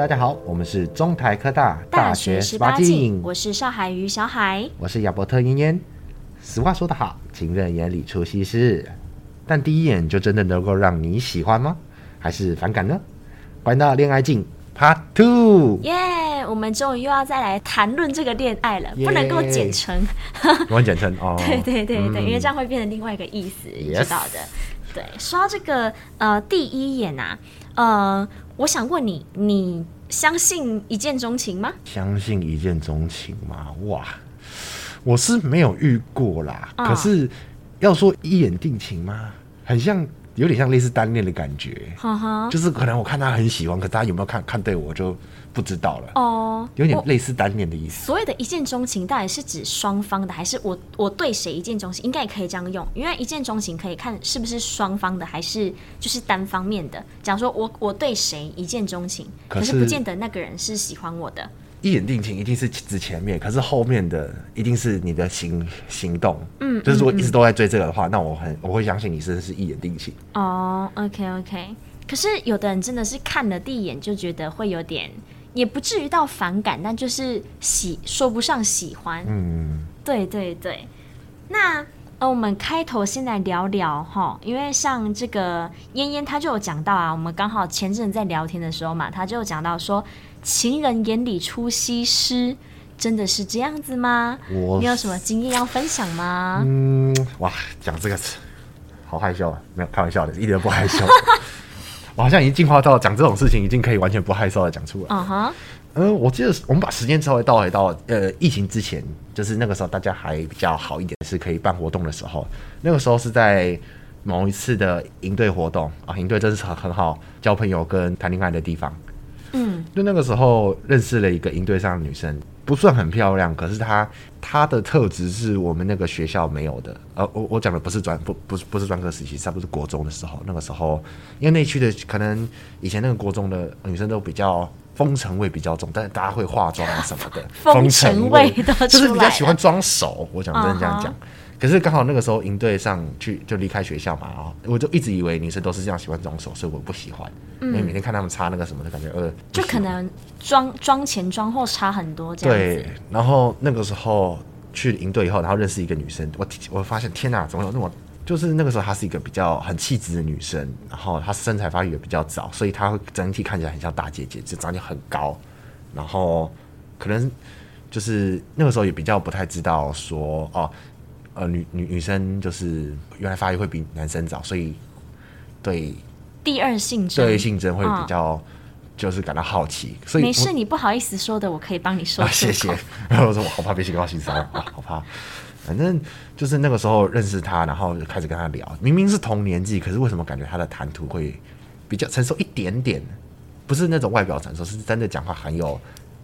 大家好，我們是中台科大大學18鏡，大學18鏡。我是邵海瑜小海，我是亞伯特嫣嫣。俗話說的好，情人眼裡出西施，但第一眼就真的能夠讓你喜歡嗎？還是反感呢？歡迎到戀愛鏡 Part Two。耶，yeah, 我們終於又要再來談論這個戀愛了，yeah, 不能夠簡稱， 不能簡稱哦。對對對對、嗯，因為這樣會變成另外一個意思，yes. 你知道的。對，說到這個呃，第一眼啊。呃，我想問你，你相信一見鍾情嗎？相信一見鍾情嗎？哇，我是沒有遇過啦。哦。可是，要說一眼定情嗎？很像。有點像類似單戀的感覺呵呵，就是可能我看他很喜歡，可是他有沒有看看對我，我就不知道了。哦，有點類似單戀的意思。所謂的一見鍾情，到底是指雙方的？還是我我對誰一見鍾情？應該也可以這樣用，因為一見鍾情可以看是不是雙方的，還是就是單方面的，講說我我對誰一見鍾情，可是不見得那個人是喜歡我的。一眼定情一定是指前面，可是後面的一定是你的行行動。嗯，就是如果一直都在追這個的話，嗯嗯，那我很我會相信你是是一眼定情。哦、oh，OK OK。可是有的人真的是看了第一眼就覺得會有點，也不至於到反感，但就是喜說不上喜歡。嗯，對對對。那。那、啊、我們開頭先來聊聊哈，因為像這個燕燕她就有講到啊，我們剛好前陣在聊天的時候嘛，她就有講到說“情人眼裡出西施”，真的是這樣子嗎？你有什麼經驗要分享嗎？嗯，哇，講這個詞好害羞啊！沒有開玩笑的，一點都不害羞。我 好像已經進化到講這種事情已經可以完全不害羞的講出來啊哈。Uh-huh. 嗯，我記得我們把時間稍微倒回到，還到呃疫情之前，就是那個時候大家還比較好一點，是可以辦活動的時候。那個時候是在某一次的營隊活動啊，營隊真是很很好交朋友跟談戀愛的地方。嗯，就那個時候認識了一個營隊上的女生，不算很漂亮，可是她她的特質是我們那個學校沒有的。呃，我我講的不是專不不不是專科時期，差不多是國中的時候。那個時候因為那區的可能以前那個國中的女生都比較。風塵味比較重，但是大家會化妝啊什麼的，啊、風塵味的，就是比較喜歡裝熟。我講真的這樣講，uh -huh. 可是剛好那個時候營隊上去就離開學校嘛，哦，然後我就一直以為女生都是這樣喜歡裝熟，所以我不喜歡，嗯，因為每天看他們擦那個什麼的感覺呃，就可能妝妝前妝後差很多這樣。對，然後那個時候去營隊以後，然後認識一個女生，我我發現天哪，啊，怎麼有那麼？就是那個時候，她是一個比較很氣質的女生，然後她身材發育也比較早，所以她會整體看起來很像大姐姐，就長得很高，然後可能就是那個時候也比較不太知道說哦、啊，呃女女女生就是原來發育會比男生早，所以對第二性徵，對性徵會比較就是感到好奇。哦、所以沒事，你不好意思說的，我可以幫你說、啊。謝謝。然後我說我好怕被警告性騷擾啊，好怕。反正就是那個時候認識他，然後就開始跟他聊。明明是同年紀，可是為什麼感覺他的談吐會比較成熟一點點？不是那種外表的成熟，是真的講話很有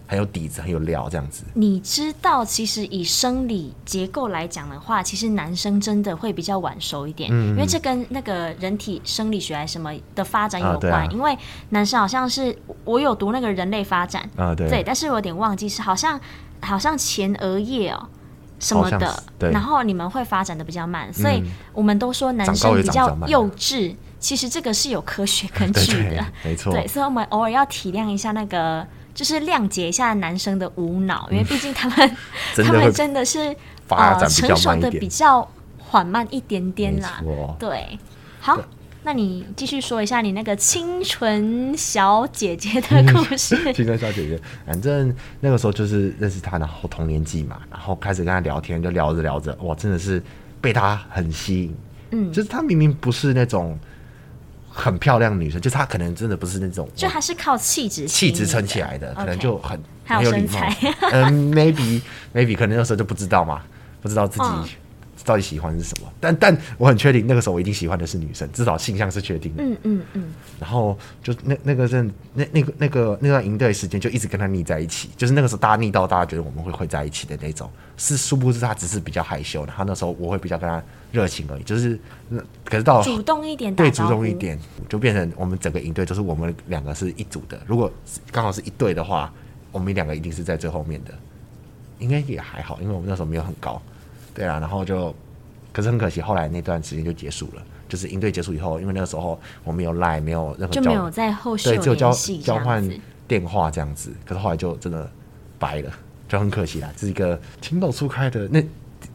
很有底子、很有料這樣子。你知道，其實以生理結構來講的話，其實男生真的會比較晚熟一點，嗯、因為這跟那個人體生理學還是什麼的發展有關、啊啊。因為男生好像是我有讀那個人類發展啊，對啊，對，但是我有點忘記是好像好像前額葉哦。什麼的、哦，然後你們會發展的比較慢、嗯，所以我們都說男生比較幼稚，幼稚其實這個是有科學根據的。對對，沒錯。對，所以我們偶爾要體諒一下那個，就是諒解一下男生的無腦，嗯、因為畢竟他們他們真的是呃，成熟的比較緩慢一點點啦，哦、對，好。那你繼續說一下你那個清純小姐姐的故事。清 純小姐姐，反正那個時候就是認識她，然後同年紀嘛，然後開始跟她聊天，就聊着聊着，哇，真的是被她很吸引。嗯，就是她明明不是那種很漂亮的女生，就她可能真的不是那種，就還是靠氣質、氣質撐起來的，okay, 可能就很很有身材。嗯、 um，maybe maybe 可能那個時候就不知道嘛，不知道自己、嗯。到底喜歡是什麼？但但我很確定，那個時候我一定喜歡的是女生，至少性向是確定的。嗯嗯嗯。然後就那那個陣那那個那個那段營隊時間，就一直跟他膩在一起。就是那個時候大家膩到大家覺得我們會會在一起的那種。是殊不知他只是比較害羞，然後他那時候我會比較跟他熱情而已。就是那可是到主動一點，對，主動一點就變成我們整個營隊就是我們兩個是一組的。如果剛好是一隊的話，我們兩個一定是在最後面的。應該也還好，因為我們那時候沒有很高。對啊，然後就，可是很可惜，後來那段時間就結束了。就是營隊結束以後，因為那個時候我沒有 LINE，沒有任何交，就沒有在後續有，對只有交交換電話這樣子。可是後來就真的掰了，就很可惜啦。這是一個情竇初開的，那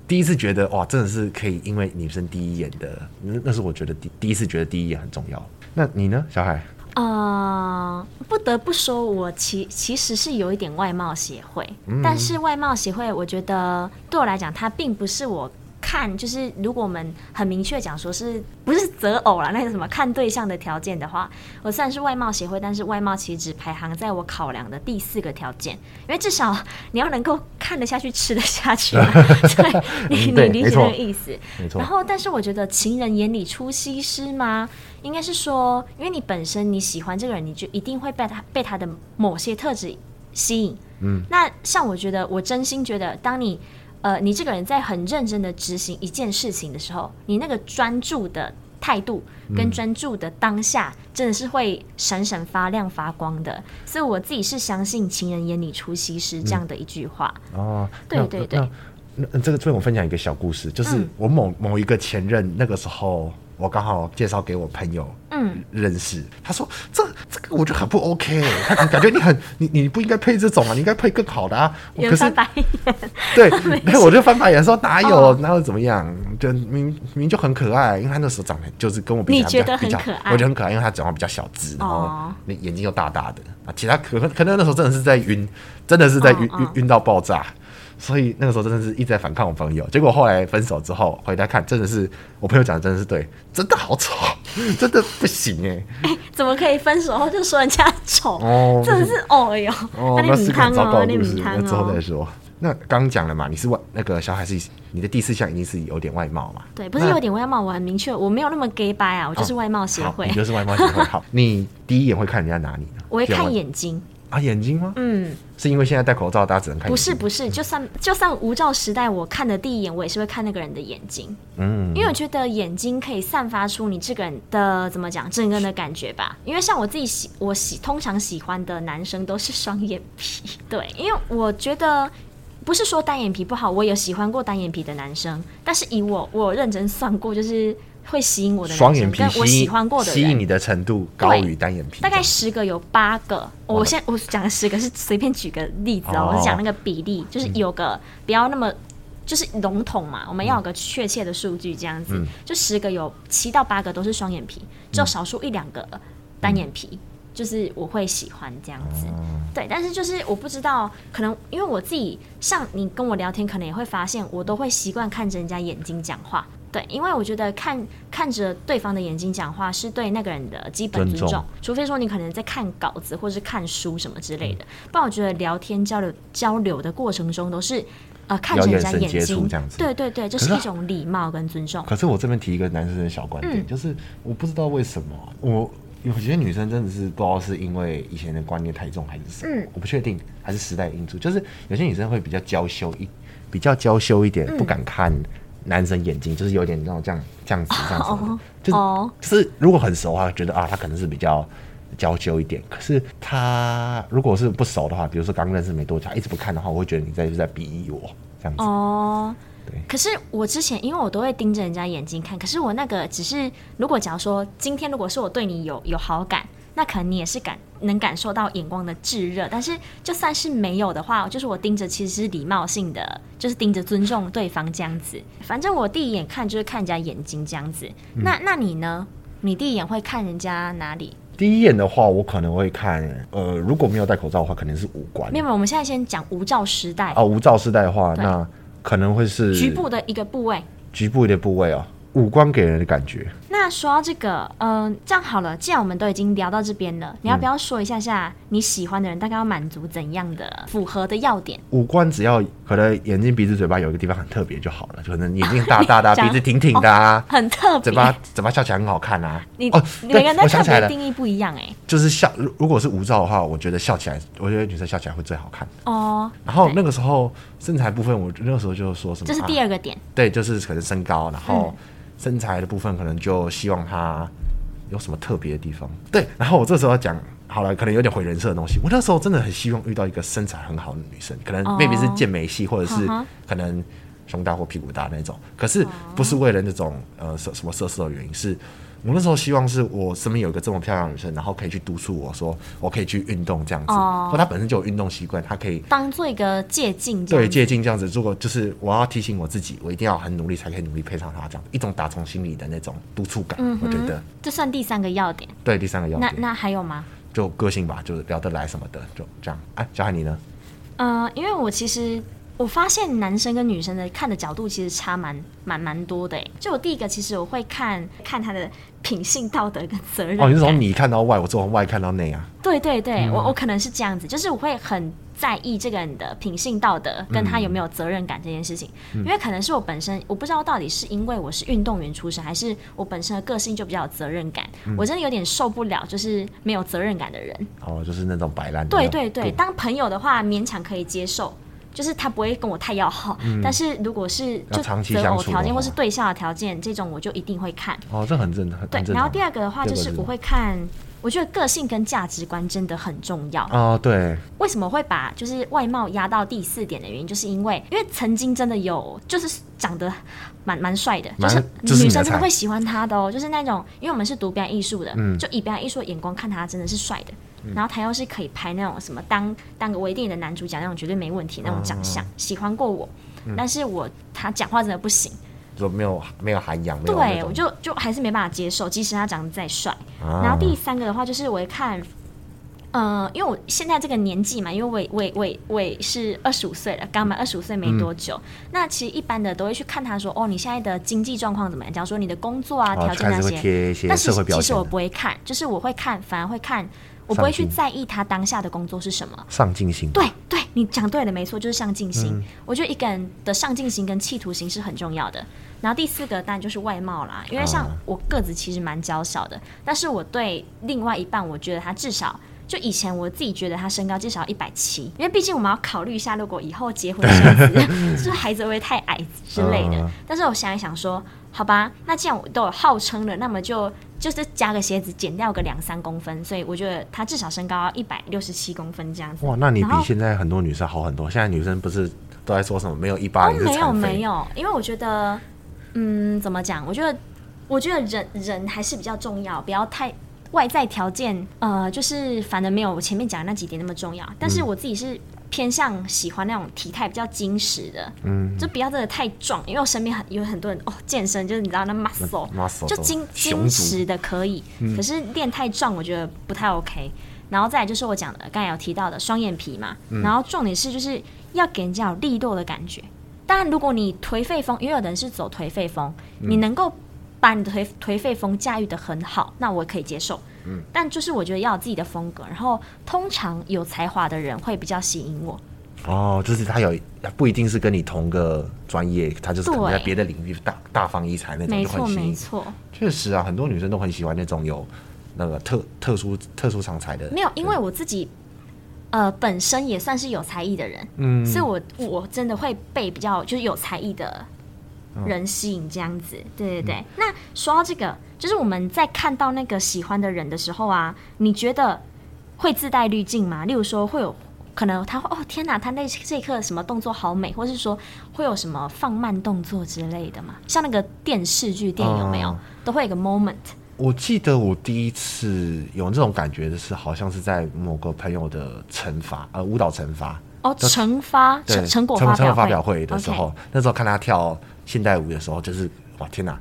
第一次覺得哇，真的是可以因為女生第一眼的，那，那是我覺得第第一次覺得第一眼很重要。那你呢，小海？呃，不得不說，我其其實是有一點外貌協會。嗯嗯，但是外貌協會，我覺得對我來講，它並不是我看，就是如果我們很明確講說是不是擇偶了，那個什麼看對象的條件的話，我雖然是外貌協會，但是外貌其實只排行在我考量的第四個條件，因為至少你要能夠看得下去，吃得下去 對你，對，你你理解那個意思。沒錯。然後，但是我覺得情人眼裡出西施嗎？應該是說，因為你本身你喜歡這個人，你就一定會被他被他的某些特質吸引。嗯。那像我覺得，我真心覺得，當你呃你這個人在很認真的執行一件事情的時候，你那個專注的態度跟專注的當下，嗯、真的是會閃閃發亮發光的。所以我自己是相信“情人眼裡出西施”這樣的一句話。嗯、哦。對對對。那，那這個這邊我分享一個小故事，就是我某、嗯、某一個前任那個時候。我剛好介紹給我朋友，嗯，認識。他說：“這這個我就很不 OK， 他感覺你很你你不應該配這種啊，你應該配更好的啊。 ”可是，對， 然後我就翻白眼說：“哪有？哦、哪有怎麼樣？就明明就很可愛，因為他那時候長得就是跟我比，比較，比較，你覺得很可愛？我覺得很可愛，因為他講話比較小資，然後眼睛又大大的啊、哦。其他可能可能那時候真的是在暈，真的是在暈暈暈到爆炸。哦”所以那個時候真的是一直在反抗我朋友。結果後來分手之後回家看，真的是我朋友講的，真的是對，真的好醜，真的不行哎、欸欸！怎麼可以分手後就說人家醜、哦？真的是，哎、哦、呦、哦，那你、哦、那很了嗎？你很貪嗎？之後再說。那剛講了嘛，你是外那個小孩是你的第四項，一定是有點外貌嘛？對，不是有點外貌，我很明確，我沒有那麼假掰啊，我就是外貌協會，我、哦、就是外貌協會。 好，你第一眼會看人家哪裡呢？我會看眼睛。啊，眼睛嗎？嗯，是因為現在戴口罩，大家只能看。不是不是，就算就算無罩時代，我看的第一眼，我也是會看那個人的眼睛。嗯，因為我覺得眼睛可以散發出你這個人的怎麼講，整個人的感覺吧。因為像我自己喜我喜通常喜歡的男生都是雙眼皮，對，因為我覺得不是說單眼皮不好，我有喜歡過單眼皮的男生，但是以我我有認真算過，就是。會吸引我的雙眼皮跟我喜歡過的，吸引你的程度高於單眼皮。大概十個有八個，wow. 我現在我講十個是隨便舉個例子哦，oh. 我是講那個比例，就是有個、嗯、不要那麼就是籠統嘛，我們要有個確切的數據這樣子。嗯、就十個有七到八個都是雙眼皮，只有、嗯、少數一兩個單眼皮、嗯，就是我會喜歡這樣子。Oh. 對，但是就是我不知道，可能因為我自己像你跟我聊天，可能也會發現，我都會習慣看着人家眼睛講話。對，因為我覺得看看着對方的眼睛講話是對那個人的基本尊重，尊重，除非說你可能在看稿子或是看書什麼之類的。不然、嗯、我覺得聊天交流交流的過程中，都是呃看着人家眼睛，這樣子。對對對，這是一種禮貌跟尊重。可是，可是我這邊提一個男生的小觀點，嗯、就是我不知道為什麼我有些女生真的是不知道是因為以前的觀念太重還是什麼，嗯、我不確定，還是時代因素。就是有些女生會比較嬌羞一比較嬌羞一點、嗯，不敢看。男生眼睛就是有點，那種這樣這樣子這樣子哦，哦。就是如果很熟的話，覺得啊他可能是比較嬌羞一點。可是他如果是不熟的話，比如說剛認識沒多久，一直不看的話，我會覺得你是在就在鄙夷我這樣子。哦，對。可是我之前因為我都會盯着人家眼睛看，可是我那個只是如果假如說今天如果是我對你有有好感，那可能你也是敢。能感受到眼光的炙熱，但是就算是沒有的話，就是我盯着，其實是禮貌性的，就是盯着尊重對方這樣子。反正我第一眼看就是看人家眼睛這樣子。嗯、那那你呢？你第一眼會看人家哪裡？第一眼的話，我可能會看，呃，如果沒有戴口罩的話，肯定是五官。沒有，我們現在先講無罩時代啊、哦，無罩時代的話，那可能會是局部的一個部位，局部的部位啊、哦，五官給人的感覺。那說到這個，嗯，這樣好了，既然我們都已經聊到這邊了，你要不要說一下下、嗯、你喜歡的人大概要滿足怎樣的符合的要點？五官只要可能眼睛、鼻子、嘴巴有一個地方很特別就好了，就可能眼睛大大的、哦，鼻子挺挺的、啊哦，很特別，嘴巴嘴巴笑起來很好看啊。你哦，每個人的特別定義不一樣哎、欸，就是笑，如如果是無照的話，我覺得笑起來，我覺得女生笑起來會最好看哦。然後那個時候身材部分，我那個時候就說什麼、啊？這、就是第二個點，對，就是可能身高，然後、嗯。身材的部分可能就希望她有什麼特別的地方，對。然後我這時候要講好了，可能有點毀人設的東西。我那時候真的很希望遇到一個身材很好的女生，可能未必是健美係，或者是、uh -huh. 可能胸大或屁股大那種，可是不是為了那種呃什什麼色色的原因是。我那時候希望是我身邊有一個這麼漂亮的女生，然後可以去督促我說，我可以去運動這樣子。哦，她本身就有運動習慣，她可以當做一個借鏡，對，借鏡這樣子。如果就是我要提醒我自己，我一定要很努力，才可以努力配上她這樣一種打從心裡的那種督促感。嗯，我覺得這算第三個要點。對，第三個要點。那那還有嗎？就個性吧，就是聊得來什麼的，就這樣。哎，啊，小海你呢？呃，因為我其實。我發現男生跟女生的看的角度其實差蠻蠻蠻多的哎，就我第一個，其實我會看看他的品性、道德跟責任。哦，你是從裡看到外，我是從外看到內啊。對對對，嗯、我我可能是這樣子，就是我會很在意這個人的品性、道德，跟他有沒有責任感這件事情、嗯。因為可能是我本身，我不知道到底是因為我是運動員出身，還是我本身的個性就比較有責任感。嗯、我真的有點受不了，就是沒有責任感的人。哦，就是那種擺爛。對對對，當朋友的話勉強可以接受。就是他不會跟我太要好、嗯，但是如果是就擇偶條件或是對象的條件、件，這種我就一定會看。哦，這很正常，對。然後第二個的話、這個不，就是我會看，我覺得個性跟價值觀真的很重要啊、哦。對。為什麼會把就是外貌壓到第四點的原因，就是因為因為曾經真的有就是長得蠻蠻帥的、就是的，就是女生真的會喜歡他的哦。就是那種因為我們是讀表演藝術的、嗯，就以表演藝術的眼光看他真的是帥的。嗯、然後他要是可以拍那種什麼當當個微電影的男主角那種絕對沒問題、嗯、那種長相喜歡過我，嗯、但是我他講話真的不行，就沒有沒有涵養那種。對，我就就還是沒辦法接受。即使他長得再帥、啊。然後第三個的話就是我一看，呃，因為我現在這個年紀嘛，因為我我我我是二十五歲了，剛滿二十五歲沒多久、嗯。那其實一般的都會去看他說哦，你現在的經濟狀況怎麼樣？假如說你的工作啊、條、哦、件那些，些但是其實我不會看，就是我會看，反而會看。我不會去在意他當下的工作是什麼，上進心。對，對你講對了，沒錯，就是上進心，嗯。我覺得一個人的上進心跟企圖心是很重要的。然後第四個當然就是外貌啦，因為像我個子其實蠻嬌小的，啊，但是我對另外一半，我覺得他至少就以前我自己覺得他身高至少一百七，因為畢竟我們要考慮一下，如果以後結婚生子，就是 孩子會不會太矮之類的，啊。但是我想一想說。好吧，那既然我都有號稱了，那麼就就是加個鞋子，減掉個兩三公分，所以我覺得他至少身高要一百六十七公分這樣子。哇，那你比現在很多女生好很多。現在女生不是都在說什麼沒有一八零？沒有沒有，沒有，因為我覺得，嗯，怎麼講？我覺得，我覺得人人還是比較重要，不要太外在條件，呃，就是反正沒有我前面講的那幾點那麼重要。但是我自己是。嗯偏向喜歡那種體態比較精實的，嗯，就不要真的太壯，因為我身邊很有很多人哦，健身就是你知道那 muscle，muscle muscle 就精精實的可以，嗯，可是練太壯我覺得不太 OK。然後再來就是我講的剛才有提到的雙眼皮嘛，然後重點是就是要給人家有力度的感覺。當然，如果你頹廢風，因為有的人是走頹廢風，你能夠把你的頹頹廢風駕馭得很好，那我可以接受。嗯，但就是我覺得要有自己的風格，然後通常有才華的人會比較吸引我。哦，就是他有不一定是跟你同個專業，他就是可能在別的領域大大放異彩那種，就會吸引，沒錯沒錯，確實啊，很多女生都很喜歡那種有那個特特殊特殊長才的。沒有，因為我自己呃本身也算是有才藝的人，嗯，所以我我真的會被比較就是有才藝的人吸引這樣子，嗯，對對對。那說到這個，就是我們在看到那個喜歡的人的時候啊，你覺得會自帶濾鏡嗎？例如說會有可能他會哦，天哪，啊，他那這一刻什麼動作好美，或是說會有什麼放慢動作之類的嗎？像那個電視劇、電影有沒有，嗯、都會有個 moment？我記得我第一次有這種感覺的是，好像是在某個朋友的成發呃舞蹈成發哦，成發成成果發表會的時候，okay. 那時候看他跳。現代舞的時候，就是哇天哪，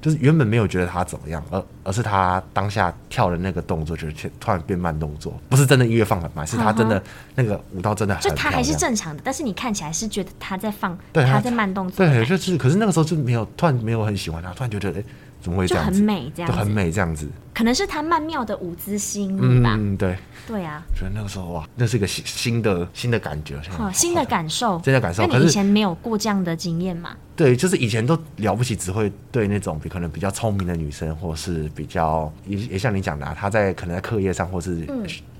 就是原本沒有覺得他怎麼樣，而而是他當下跳的那個動作，就是突然變慢動作，不是真的音樂放的慢，啊，是他真的那個舞蹈真的很就他還是正常的，但是你看起來是覺得他在放，對，啊，他在慢動作，對，就是可是那個時候就沒有突然沒有很喜歡他，突然覺得哎。欸怎麼會這樣？很美，這樣就很美這，很美這樣子。可能是她曼妙的舞姿心吧。嗯對吧，對，對啊。所以那個時候哇，那是一個新新的新的感覺、哦哦，新的感受，哦、新的感受。那你以前沒有過這樣的經驗嗎？對，就是以前都了不起，只會對那種可能比較聰明的女生，或是比較也也像你講的、啊，她在可能在課業上或是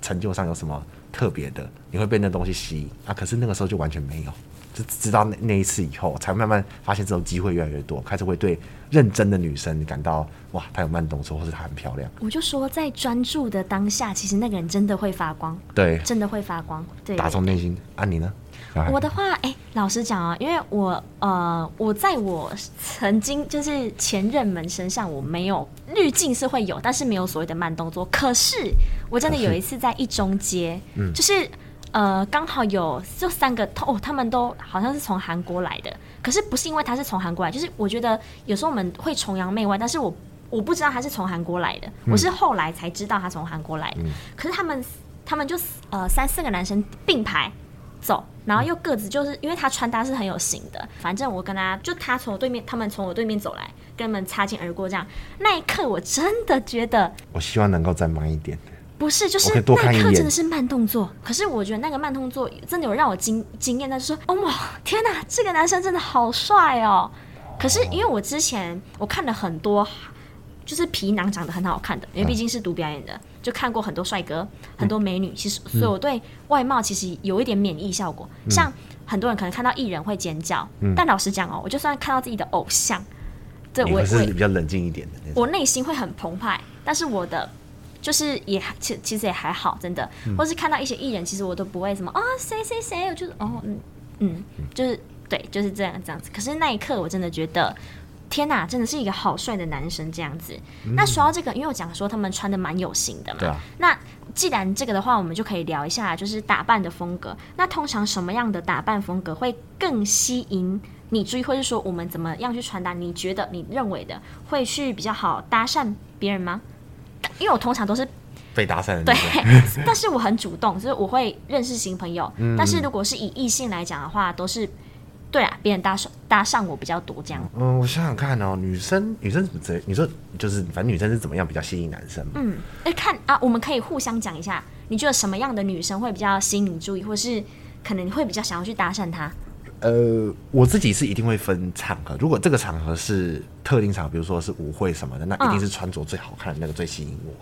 成就上有什麼特別的、嗯，你會被那東西吸引。啊，可是那個時候就完全沒有。就直到那那一次以後，才慢慢發現這種機會越來越多，開始會對認真的女生感到哇，她有慢動作，或是她很漂亮。我就說，在專注的當下，其實那個人真的會發光，對，真的會發光，對，對，對。打中內心。啊，你呢？Hi、我的話，哎、欸，老實講啊，因為我呃，我在我曾經就是前任們身上，我沒有濾鏡是會有，但是沒有所謂的慢動作。可是我真的有一次在一中街、啊，嗯，就是。呃，剛好有就三個，哦，他們都好像是從韓國來的，可是不是因為他是從韓國來，就是我覺得有時候我們會崇洋媚外，但是我我不知道他是從韓國來的，我是後來才知道他從韓國來的，嗯。可是他們，他們就呃三四個男生並排走，然後又各自，就是因為他穿搭是很有型的，反正我跟他就他從我對面，他們從我對面走來，跟他們擦肩而過這樣，那一刻我真的覺得，我希望能夠再忙一點。不是，就是那一刻真的是慢動作可。可是我覺得那個慢動作真的有讓我驚驚艷。他說：“哦，天哪，這個男生真的好帥哦！”可是因為我之前我看了很多，就是皮囊長得很好看的，因為畢竟是讀表演的，啊、就看過很多帥哥、很多美女、嗯。其實，所以我對外貌其實有一點免疫效果。嗯、像很多人可能看到藝人會尖叫，嗯、但老實講哦，我就算看到自己的偶像，對、嗯、我也、欸、是比較冷靜一點的。那我內心會很澎湃，但是我的。就是也其其實也還好，真的，嗯、或是看到一些藝人，其實我都不會什麼啊，誰誰誰，我就是哦，嗯嗯，就是對，就是這樣這樣子。可是那一刻我真的覺得，天哪，真的是一個好帥的男生這樣子、嗯。那說到這個，因為我講說他們穿的蠻有型的嘛。對、啊。那既然這個的話，我們就可以聊一下，就是打扮的風格。那通常什麼樣的打扮風格會更吸引你注意，或是說我們怎麼樣去傳達？你覺得你認為的會去比較好搭訕別人嗎？因為我通常都是被搭訕的，對， 但是我很主動，就是我會認識新朋友。嗯、但是如果是以異性來講的話，都是對啊，別人搭訕搭訕我比較多這樣。嗯，我想想看哦、喔，女生女生怎麼追？你說就是反正女生是怎麼樣比較吸引男生？嗯，哎、欸，看啊，我們可以互相講一下，你覺得什麼樣的女生會比較吸引你注意，或是可能你會比較想要去搭訕她？呃，我自己是一定會分場合。如果這個場合是特定場合，比如說是舞會什麼的，那一定是穿着最好看的那個、啊、最吸引我。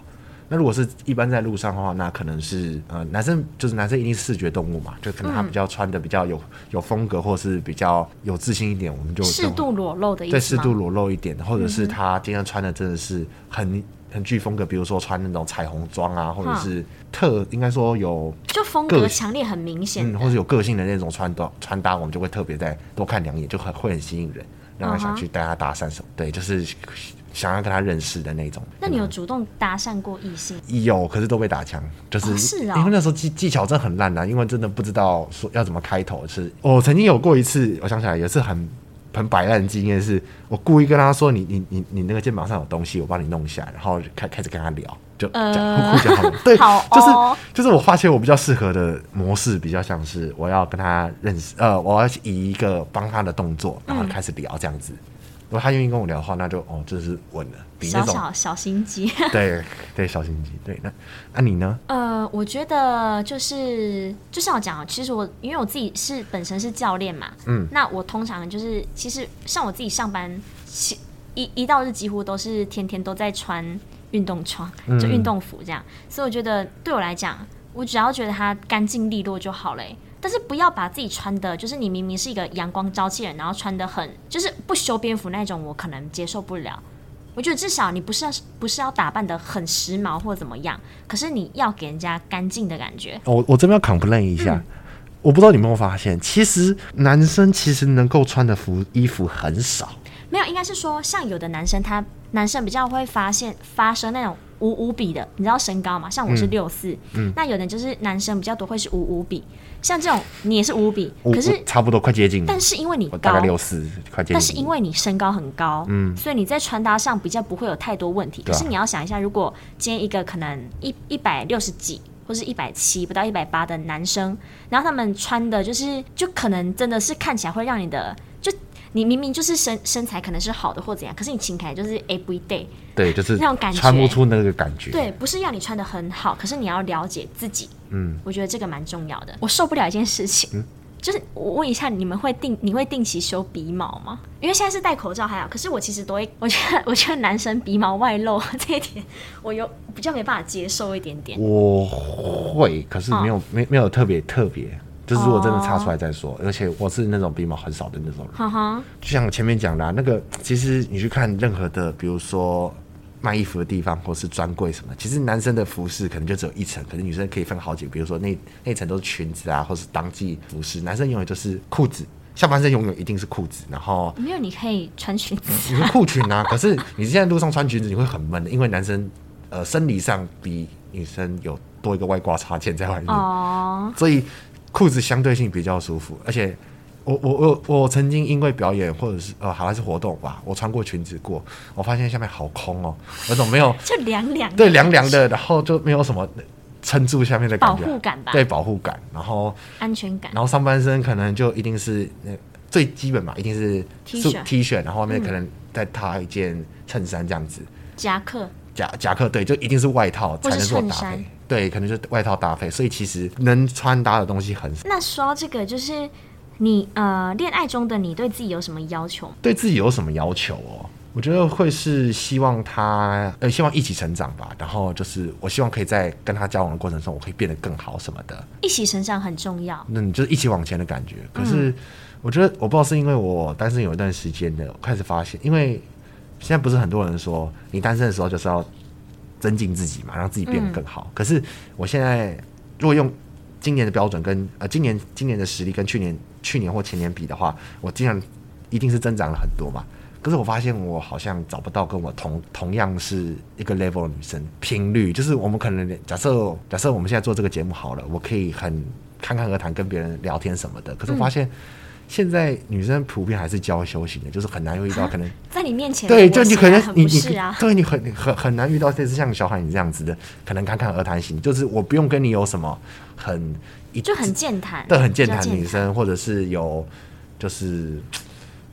那如果是一般在路上的話，那可能是呃，男生就是男生一定是視覺動物嘛，就可能他比較穿的比較有、嗯、有風格，或是比較有自信一點，我們就適度裸露的一，對適度裸露一點、嗯、或者是他今天穿的真的是很。很具風格，比如說穿那種彩虹裝啊，或者是特應該說有就風格強烈很明顯、嗯，或者有個性的那種穿的穿搭，我們就會特別再多看兩眼，就很會很吸引人，讓他想去帶他搭訕什麼。Uh -huh. 對，就是想要跟他認識的那種。Uh -huh. 嗯、那你有主動搭訕過異性？有，可是都被打槍，就是、Oh, 是哦欸、因為那時候技技巧真的很爛的、啊，因為真的不知道說要怎麼開頭。是，我曾經有過一次，我想起來也是很。很擺爛的經驗是我故意跟他說你：“你你你你那個肩膀上有東西，我幫你弄一下。”然後開開始跟他聊，就講互好，對， 哦、就是就是我發現我比較適合的模式，比較像是我要跟他認識，呃，我要以一個幫他的動作，然後開始聊這樣子。嗯如果他願意跟我聊的話，那就哦，這是穩了比較。小小小心機。 對對，小心機。對，那啊你呢？呃，我覺得就是就像我講啊，其實我因為我自己是本身是教練嘛，嗯，那我通常就是其實像我自己上班，一一到日幾乎都是天天都在穿運動裝，就運動服這樣，嗯，所以我覺得對我來講，我只要覺得他乾淨利落就好嘞。但是不要把自己穿的，就是你明明是一個陽光朝氣人，然後穿的很就是不修邊幅那種，我可能接受不了。我覺得至少你不是不是要打扮的很時髦或怎麼樣，可是你要給人家乾淨的感覺。我、哦、我這邊要 complain 一下，嗯、我不知道你有沒有發現，其實男生其實能夠穿的服衣服很少。沒有，應該是說像有的男生他男生比較會發現發生那種。五五比的，你知道身高嘛？像我是六四。嗯嗯，那有的就是男生比較多，會是五五比。像這種你也是五比，可是差不多快接近。但是因為你高，大概六四，但是因為你身高很高，嗯，所以你在穿搭上比較不會有太多問題。可是你要想一下，如果今天一個可能一一百六十幾或者一百七不到一百八的男生，然後他們穿的就是，就可能真的是看起來會讓你的。你明明就是身身材，可能是好的或怎樣，可是你情感就是 every day，對，就是那種感覺，穿不出那個感覺，那感覺。對，不是要你穿得很好，可是你要了解自己。嗯，我覺得這個蠻重要的。我受不了一件事情，嗯、就是我問一下，你們會定你會定期修鼻毛嗎？因為現在是戴口罩還好，可是我其實都會，我覺得我覺得男生鼻毛外露這一點，我有我比較沒辦法接受一點點。我會，可是沒有、嗯、沒沒有特別特別。就是如果真的擦出來再說、哦，而且我是那種鼻毛很少的那種人。呵呵，就像我前面講的、啊，那個其實你去看任何的，比如說賣衣服的地方或是專櫃什麼，其實男生的服飾可能就只有一層，可是女生可以分好幾個。比如說那那層都是裙子啊，或是當季服飾，男生永遠都是褲子，下半身永遠一定是褲子。然後沒有，你可以穿裙子、啊嗯，你是褲裙啊。 可是你現在路上穿裙子，你會很悶，因為男生呃生理上比女生有多一個外掛插件在外面，哦、所以。褲子相對性比較舒服，而且我我我我曾經因為表演或者是呃好像是活動吧，我穿過裙子過，我發現下面好空哦，有 種沒有就涼涼對涼涼的，然後就沒有什麼撐住下面的感覺保護感吧對保護感，然後安全感，然後上半身可能就一定是、呃、最基本嘛，一定是 T 恤 T 恤，然後後面可能再搭一件襯衫這樣子，嗯、夾克夾夾克對，就一定是外套是才能做搭配。對，可能就外套搭配，所以其實能穿搭的東西很少。那說到這個，就是你呃，戀愛中的你對自己有什麼要求？對自己有什麼要求哦？我覺得會是希望他呃，希望一起成長吧。然後就是我希望可以在跟他交往的過程中，我可以變得更好什麼的。一起成長很重要。那、嗯、你就是一起往前的感覺。可是我覺得我不知道是因為我單身有一段時間的，我開始發現，因為現在不是很多人說你單身的時候就是要。增進自己嘛，讓自己變得更好。嗯。可是我現在，如果用今年的標準跟呃，今年今年的實力跟去年去年或前年比的話，我竟然一定是增長了很多嘛。可是我發現我好像找不到跟我同同樣是一個 level 的女生，頻率就是我們可能假設假設我們現在做這個節目好了，我可以很侃侃而談，跟別人聊天什麼的。可是我發現。嗯現在女生普遍還是嬌羞型的，就是很難遇到可能在你面前，啊、對，就你可能你你對，你很很很難遇到類似像小海你這樣子的，可能侃侃而談型，就是我不用跟你有什麼很一就很健談的很健談女生談，或者是有就是。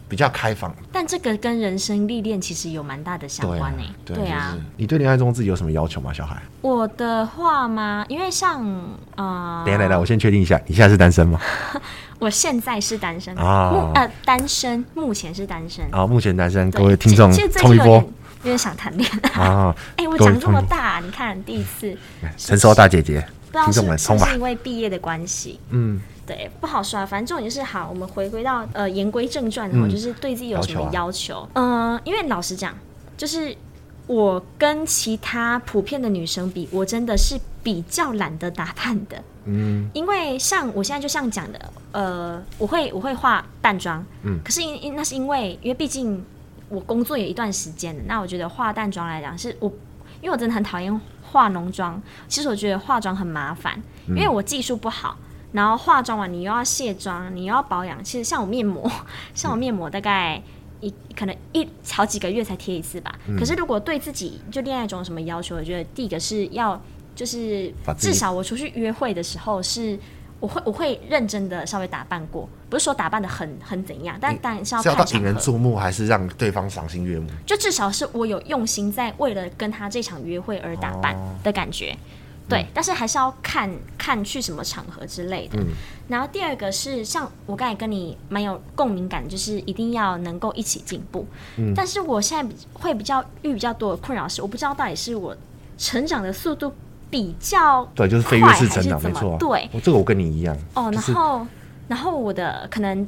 比較開放，但這個跟人生歷練其實有蠻大的相關誒、欸。對啊，對對啊就是，你對戀愛中自己有什麼要求嗎？小孩？我的話嗎？因為像呃，等等，我先確定一下，你現在是單身嗎？ 我現在是單身啊、哦，嗯，呃，單身，目前是單身啊、哦，目前單身。各位聽眾衝一波，有點想談戀愛啊。哎、欸，我長這麼大，嗯、你看第一次成熟大姐姐，不知道是不是聽眾們衝吧，是因為畢業的關係，嗯。對，不好說、啊。反正這種就是好。我們回歸到呃，言歸正傳哦、嗯，就是對自己有什麼要求？嗯、啊呃，因為老實講，就是我跟其他普遍的女生比，我真的是比較懶得打扮的。嗯，因為像我現在就像講的，呃，我會我會化淡妝。嗯，可是因因那是因為，因為畢竟我工作有一段時間了，那我覺得化淡妝來講，是我因為我真的很討厭化濃妝。其實我覺得化妝很麻煩，嗯、因為我技術不好。然後化妝完，你又要卸妝，你又要保養。其實像我面膜，像我面膜，大概、嗯、一可能一好幾個月才貼一次吧。嗯、可是如果對自己就戀愛中有什麼要求，我覺得第一個是要就是至少我出去約會的時候是我會我會認真的稍微打扮過，不是說打扮得很很怎樣，但但是要看是要引人注目還是讓對方賞心悅目？就至少是我有用心在為了跟他這場約會而打扮的感覺。哦對，但是還是要看看去什麼場合之類的。嗯、然後第二個是像我剛才跟你蠻有共鳴感，就是一定要能夠一起進步、嗯。但是我現在會比較遇比較多的困擾是，我不知道到底是我成長的速度比較對，就是飛躍式成長，沒錯、啊。對，我、哦、這個我跟你一樣。就是、哦，然後然後我的可能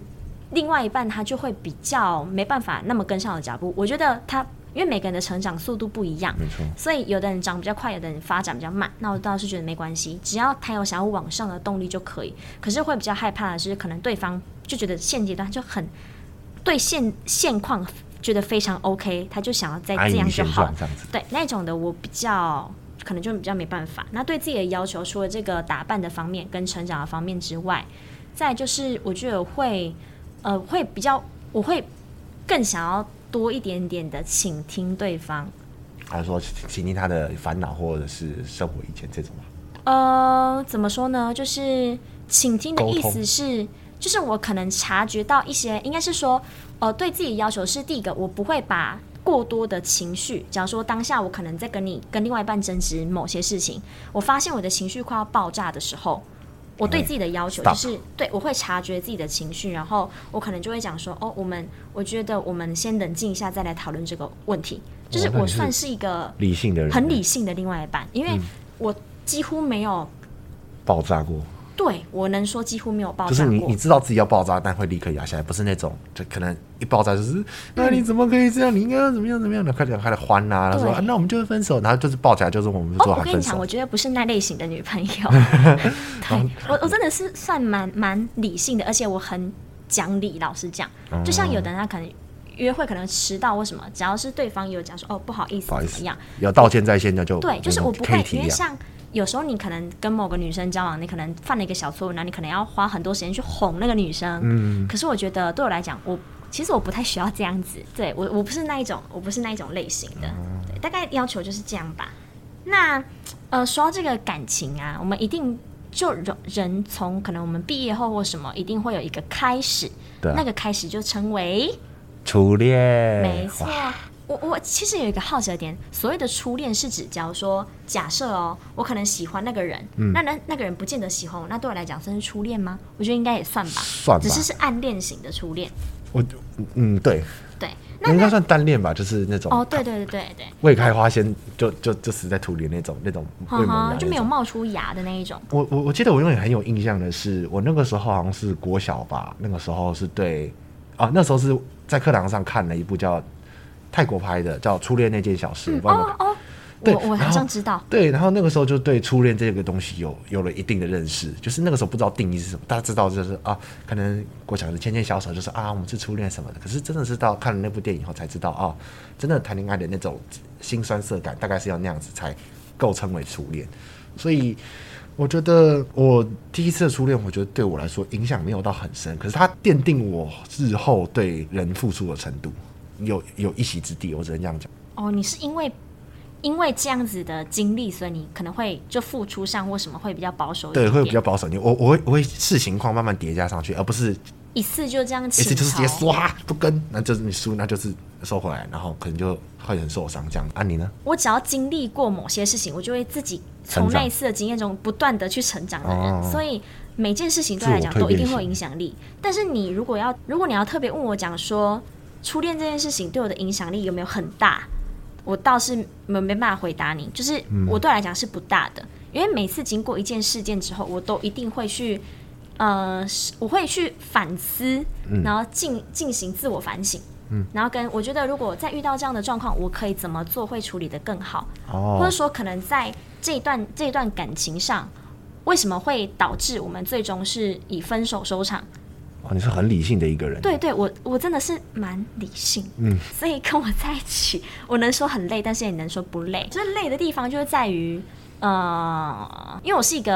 另外一半他就會比較沒辦法那麼跟上我的腳步，我覺得他。因為每個人的成長速度不一樣，沒錯，所以有的人長比較快，有的人發展比較慢。那我倒是覺得沒關係，只要他有想要往上的動力就可以。可是會比較害怕的是，可能對方就覺得現階段就很對現現況覺得非常 OK，他就想要再這樣就好了，這樣子。對那種的，我比較可能就比較沒辦法。那對自己的要求，除了這個打扮的方面跟成長的方面之外，再就是我覺得我會呃會比較我會更想要。多一點點的，傾聽對方，還是說，傾聽他的煩惱或者是生活以前這種吧，呃，怎麼說呢？就是傾聽的意思是，就是我可能察覺到一些，應該是說，呃，對自己要求是第一個，我不會把過多的情緒，假如說當下我可能在跟你跟另外一半爭執某些事情，我發現我的情緒快要爆炸的時候。我對自己的要求就是，okay. 對，我會察覺自己的情緒，然後我可能就會講說：“哦，我們我覺得我們先冷靜一下，再來討論這個問題。”就是我算是一個理性的人，很理性的另外一半，okay. 因為我幾乎沒有爆炸過。對，我能說幾乎沒有爆炸過，就是你，你知道自己要爆炸，但會立刻壓下來，不是那種，就可能一爆炸就是，嗯、那你怎麼可以這樣？你應該要怎麼樣？怎麼樣的？快點快點歡吶，那我們就會分手，然後就是抱起來，就是我們做好、哦、我跟你講，我覺得不是那類型的女朋友。 對，我、嗯、我真的是算蠻蠻理性的，而且我很講理，老實講、嗯，就像有的人他可能約會可能遲到或什麼，只要是對方有講說哦不好意思，怎麼樣，要道歉在先的就對，就是我不會，因為像。有時候你可能跟某個女生交往，你可能犯了一個小錯誤，那你可能要花很多時間去哄那個女生。嗯。可是我覺得對我來講，我其實我不太需要這樣子。對我，我不是那一種，我不是那一種類型的。嗯、對，大概要求就是這樣吧。那呃，說到這個感情啊，我們一定就人從可能我們畢業後或什麼，一定會有一個開始。對。那個開始就成為初戀。沒錯。我我其實有一個好奇的點，所謂的初戀是指教說，假設哦，我可能喜歡那個人，嗯、那那那個人不見得喜歡我，那對我來講算是初戀嗎？我覺得應該也算吧，算吧，只是是暗戀型的初戀。我嗯，對對，那個、應該算單戀吧，就是那種哦，對對對對對，未開花先就就、就死在土裡那種那種，哈就沒有冒出芽的那一種。我我我記得我永遠很有印象的是，我那個時候好像是國小吧，那個時候是對啊，那時候是在課堂上看了一部叫，泰國拍的叫《初戀那件小事》，嗯我有有，哦哦，對我，我好像知道。對，然後那個時候就對初戀這個東西有有了一定的認識，就是那個時候不知道定義是什麼。大家知道就是啊，可能國小是牽牽小手就，就是啊，我們是初戀什麼的。可是真的是到看了那部電影以後才知道啊，真的談戀愛的那種心酸澀感，大概是要那樣子才夠稱為初戀。所以我覺得我第一次的初戀，我覺得對我來說影響沒有到很深，可是它奠定我日後對人付出的程度。有有一席之地，我只能這樣講。哦，你是因為因為這樣子的經歷，所以你可能會就付出上或什麼會比較保守一點。對，會比較保守。你我我會我會視情況慢慢疊加上去，而不是一次就這樣一次就是直接刷不跟，那就是你輸，那就是收回來，然後可能就會很受傷。這樣，安、啊、你呢？我只要經歷過某些事情，我就會自己從那一次的經驗中不斷的去成長的人長，所以每件事情對來講都一定會有影響力。但是你如果要，如果你要特別問我講說。初戀這件事情對我的影響力有沒有很大？我倒是沒沒辦法回答你，就是我對我來講是不大的，嗯，因為每次經過一件事件之後，我都一定會去，呃，我會去反思，嗯，然後進進行自我反省，嗯，然後跟我覺得如果再遇到這樣的狀況，我可以怎麼做會處理得更好？哦，或者說可能在這段這段感情上，為什麼會導致我們最終是以分手收場？哦、你是很理性的一個人。對對，對，我我真的是蠻理性。嗯，所以跟我在一起，我能說很累，但是也能說不累。就是累的地方，就是在於，呃，因為我是一個，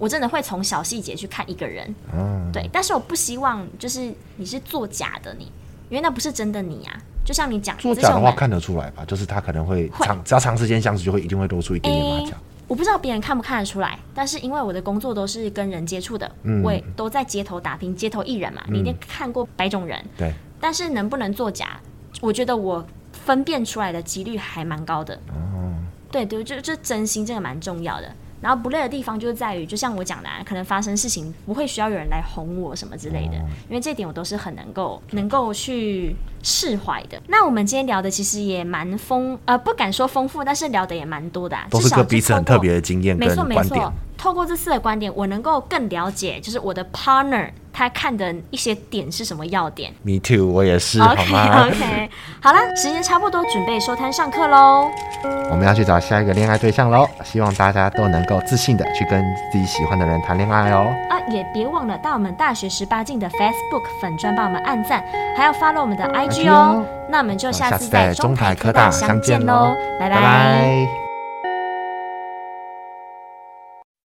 我真的會從小細節去看一個人。嗯。對，但是我不希望就是你是作假的你，因為那不是真的你啊。就像你講，作假的話看得出來吧？就是他可能會長會只要長時間相處，就會一定會露出一點點馬腳。欸我不知道別人看不看得出來，但是因為我的工作都是跟人接觸的，嗯、我也都在街頭打拼，街頭藝人嘛、嗯，你一定看過百種人。對，但是能不能作假，我覺得我分辨出來的幾率還蠻高的。哦、對，對對，就這真心這個蠻重要的。然後不累的地方就在於，就像我講的、啊，可能發生事情不會需要有人來哄我什麼之類的，哦、因為這點我都是很能夠能夠去。釋懷的。那我們今天聊的其實也蠻豐，呃，不敢說豐富，但是聊的也蠻多的、啊。都是個彼此很特別的經驗，沒錯沒錯。透過這次的觀點，我能夠更了解，就是我的 partner 他看的一些點是什麼要點。Me too，我也是。OK OK， 好啦，時間差不多，準備收攤上課嘍。我們要去找下一個戀愛對象嘍。希望大家都能夠自信的去跟自己喜歡的人談戀愛哦、喔嗯。啊，也別忘了到我們大學十八鏡的 Facebook 粉專幫我們按讚，還要 follow 我們的 IG。好，那我們就下次在中台科大相見嘍，拜拜。